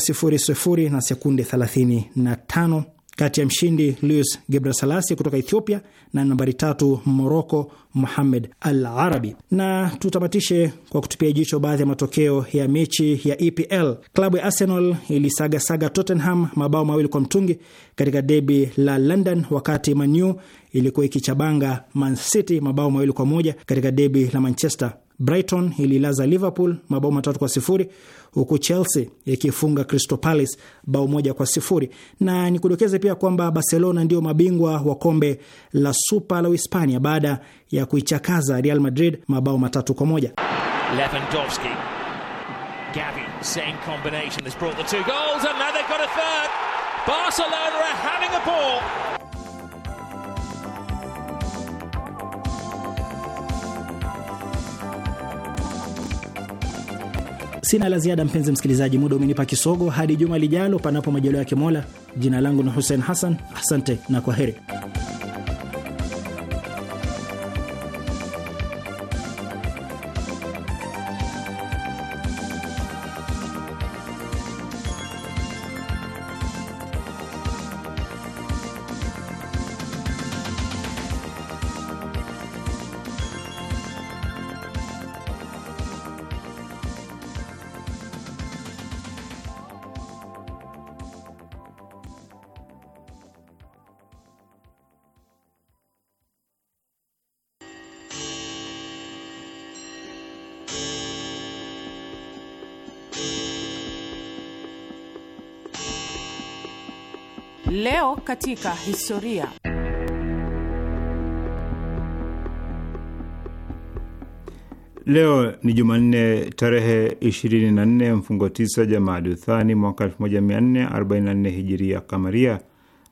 na sekunde 35 kati ya mshindi Luis Gebrasalasi kutoka Ethiopia na nambari tatu Moroko Muhamed Al Arabi. Na tutamatishe kwa kutupia jicho baadhi ya matokeo ya mechi ya EPL. Klabu ya Arsenal ilisagasaga Tottenham mabao mawili kwa mtungi katika debi la London, wakati Manu ilikuwa ikichabanga Man City mabao mawili kwa moja katika debi la Manchester. Brighton ililaza Liverpool mabao matatu kwa sifuri huku Chelsea ikifunga Crystal Palace bao moja kwa sifuri. Na nikudokeze pia kwamba Barcelona ndio mabingwa wa kombe la Super la Uhispania baada ya kuichakaza Real Madrid mabao matatu kwa moja. Lewandowski, Gavi, same combination has brought the two goals and now they've got a third. Barcelona are having a ball. Sina la ziada, mpenzi msikilizaji, muda umenipa kisogo. Hadi juma lijalo, panapo majaliwa yake Mola. Jina langu ni Hussein Hassan, asante na kwa heri. Leo katika historia. Leo ni Jumanne tarehe 24 mfungo 9 Jamadi Uthani mwaka 1444 hijiria kamaria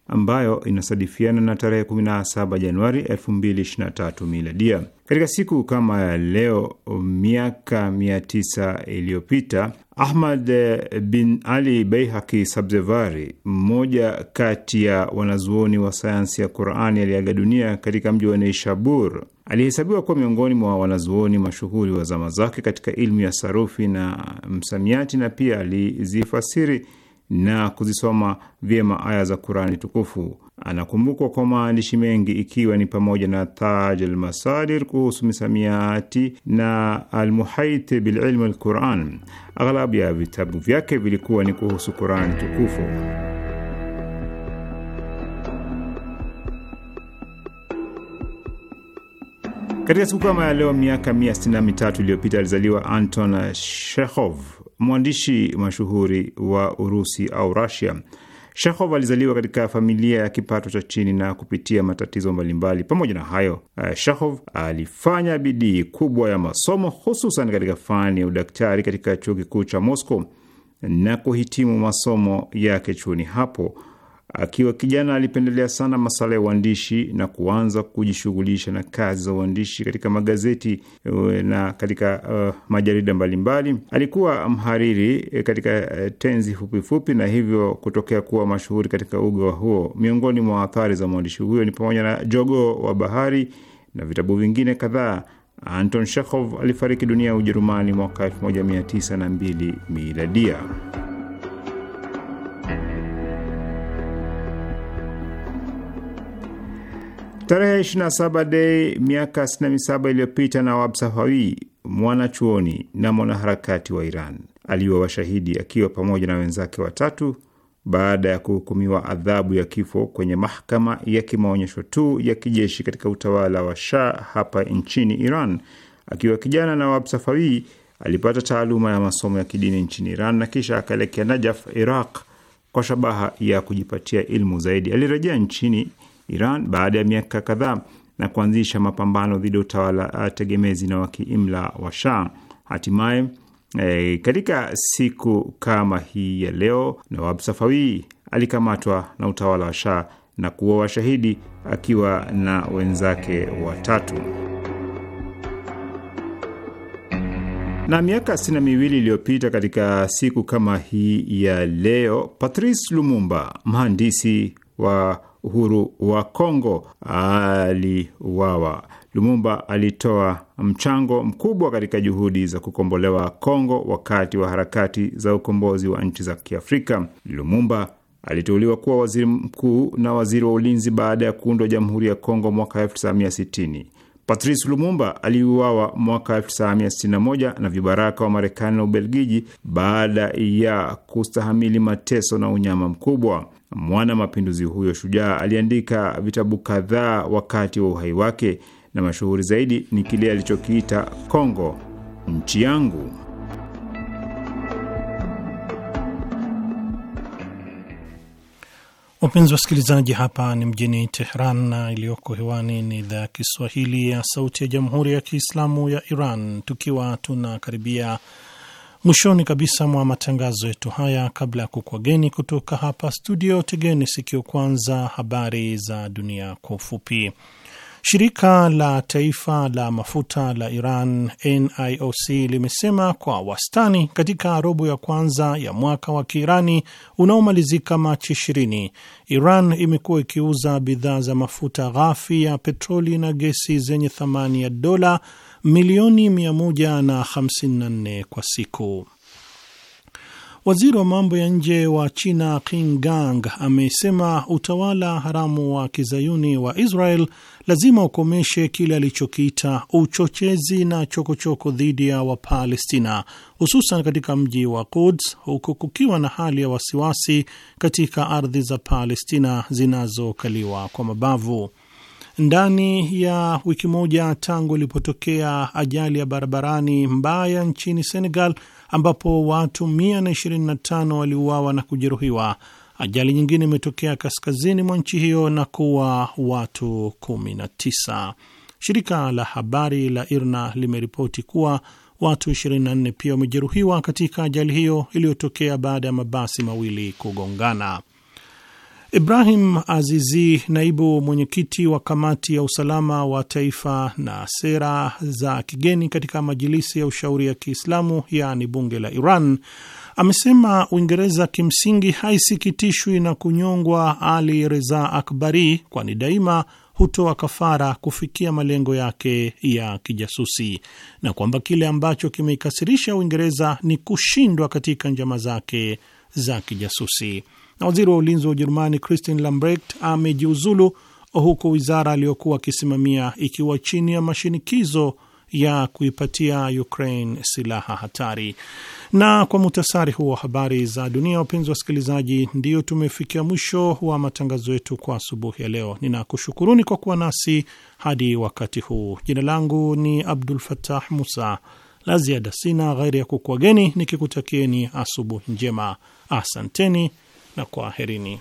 ambayo inasadifiana na tarehe 17 Januari 2023 miladia. Katika siku kama ya leo miaka 900 iliyopita Ahmad eh, bin Ali Beihaki Sabzevari, mmoja kati ya wanazuoni wa sayansi ya Qurani, aliaga dunia katika mji wa Neishabur. Alihesabiwa kuwa miongoni mwa wanazuoni mashuhuri wa zama zake katika ilmu ya sarufi na msamiati, na pia alizifasiri na kuzisoma vyema aya za Qurani tukufu anakumbukwa kwa maandishi mengi ikiwa ni pamoja na Taj Almasadir kuhusu misamiati na Almuhaiti bililmi Alquran. Aghalabu ya vitabu vyake vilikuwa ni kuhusu Quran tukufu. Katika siku kama ya leo miaka mia sitini na mitatu iliyopita alizaliwa Anton Chekhov, mwandishi mashuhuri wa Urusi au Rasia. Shahov alizaliwa katika familia ya kipato cha chini na kupitia matatizo mbalimbali. Pamoja na hayo, eh, Shahov alifanya bidii kubwa ya masomo, hususan katika fani ya udaktari katika chuo kikuu cha Moscow na kuhitimu masomo yake chuoni hapo. Akiwa kijana alipendelea sana masala ya uandishi na kuanza kujishughulisha na kazi za uandishi katika magazeti eh, na katika uh, majarida mbalimbali Alikuwa mhariri eh, katika tenzi fupifupi fupi na hivyo kutokea kuwa mashuhuri katika uga huo. Miongoni mwa athari za mwandishi huyo ni pamoja na Jogoo wa Bahari na vitabu vingine kadhaa. Anton Chekhov alifariki dunia ya Ujerumani mwaka 1902 miladia. Tarehe 27 Dei miaka 67 iliyopita, na Nawab Safawi, mwanachuoni na mwanaharakati wa Iran, aliwa washahidi akiwa pamoja na wenzake watatu baada ya kuhukumiwa adhabu ya kifo kwenye mahakama ya kimaonyesho tu ya kijeshi katika utawala wa Shah hapa nchini Iran. Akiwa kijana, Nawab Safawi alipata taaluma ya masomo ya kidini nchini Iran na kisha akaelekea Najaf, Iraq, kwa shabaha ya kujipatia ilmu zaidi. Alirejea nchini Iran baada ya miaka kadhaa na kuanzisha mapambano dhidi ya utawala eh, tegemezi na wakiimla wa Shah. Hatimaye e, katika siku kama hii ya leo Nawab Safawi alikamatwa na utawala wa Shah na kuwa washahidi akiwa na wenzake watatu. Na miaka sitini na miwili iliyopita katika siku kama hii ya leo, Patrice Lumumba, mhandisi wa uhuru wa Kongo aliwawa. Lumumba alitoa mchango mkubwa katika juhudi za kukombolewa Kongo wakati wa harakati za ukombozi wa nchi za Kiafrika. Lumumba aliteuliwa kuwa waziri mkuu na waziri wa ulinzi baada ya kuundwa Jamhuri ya Kongo mwaka 1960. Patrice Lumumba aliuawa mwaka 1961 na vibaraka wa Marekani na Ubelgiji baada ya kustahamili mateso na unyama mkubwa. Mwana mapinduzi huyo shujaa aliandika vitabu kadhaa wakati wa uhai wake na mashuhuri zaidi ni kile alichokiita Kongo nchi yangu. Wapenzi wasikilizaji, hapa ni mjini Teheran na iliyoko hewani ni idhaa ya Kiswahili ya Sauti ya Jamhuri ya Kiislamu ya Iran, tukiwa tunakaribia Mwishoni kabisa mwa matangazo yetu haya, kabla ya kukwageni kutoka hapa studio, tegeni sikio kwanza habari za dunia kwa ufupi. Shirika la taifa la mafuta la Iran NIOC limesema kwa wastani katika robo ya kwanza ya mwaka wa Kiirani unaomalizika Machi 20, Iran imekuwa ikiuza bidhaa za mafuta ghafi ya petroli na gesi zenye thamani ya dola milioni 154 kwa siku. Waziri wa mambo ya nje wa China King Gang amesema utawala haramu wa kizayuni wa Israel lazima ukomeshe kile alichokiita uchochezi na chokochoko dhidi ya Wapalestina, hususan katika mji wa Quds, huku kukiwa na hali ya wasiwasi katika ardhi za Palestina zinazokaliwa kwa mabavu. Ndani ya wiki moja tangu ilipotokea ajali ya barabarani mbaya nchini Senegal ambapo watu 125 waliuawa na kujeruhiwa, ajali nyingine imetokea kaskazini mwa nchi hiyo na kuwa watu 19. Shirika la habari la IRNA limeripoti kuwa watu 24 pia wamejeruhiwa katika ajali hiyo iliyotokea baada ya mabasi mawili kugongana. Ibrahim Azizi, naibu mwenyekiti wa kamati ya usalama wa taifa na sera za kigeni katika majilisi ya ushauri ya Kiislamu, yaani bunge la Iran, amesema Uingereza kimsingi haisikitishwi na kunyongwa Ali Reza Akbari, kwani daima hutoa kafara kufikia malengo yake ya kijasusi na kwamba kile ambacho kimeikasirisha Uingereza ni kushindwa katika njama zake za kijasusi na waziri wa ulinzi wa Ujerumani christin Lambrecht amejiuzulu huku wizara aliyokuwa akisimamia ikiwa chini ya mashinikizo ya kuipatia Ukraine silaha hatari. Na kwa muhtasari huo wa habari za dunia, wapenzi wasikilizaji, ndiyo tumefikia mwisho wa matangazo yetu kwa asubuhi ya leo. Ninakushukuruni kwa kuwa nasi hadi wakati huu. Jina langu ni Abdul fatah Musa. La ziada sina ghairi ya kukuageni nikikutakieni asubuhi njema. Asanteni na kwaherini.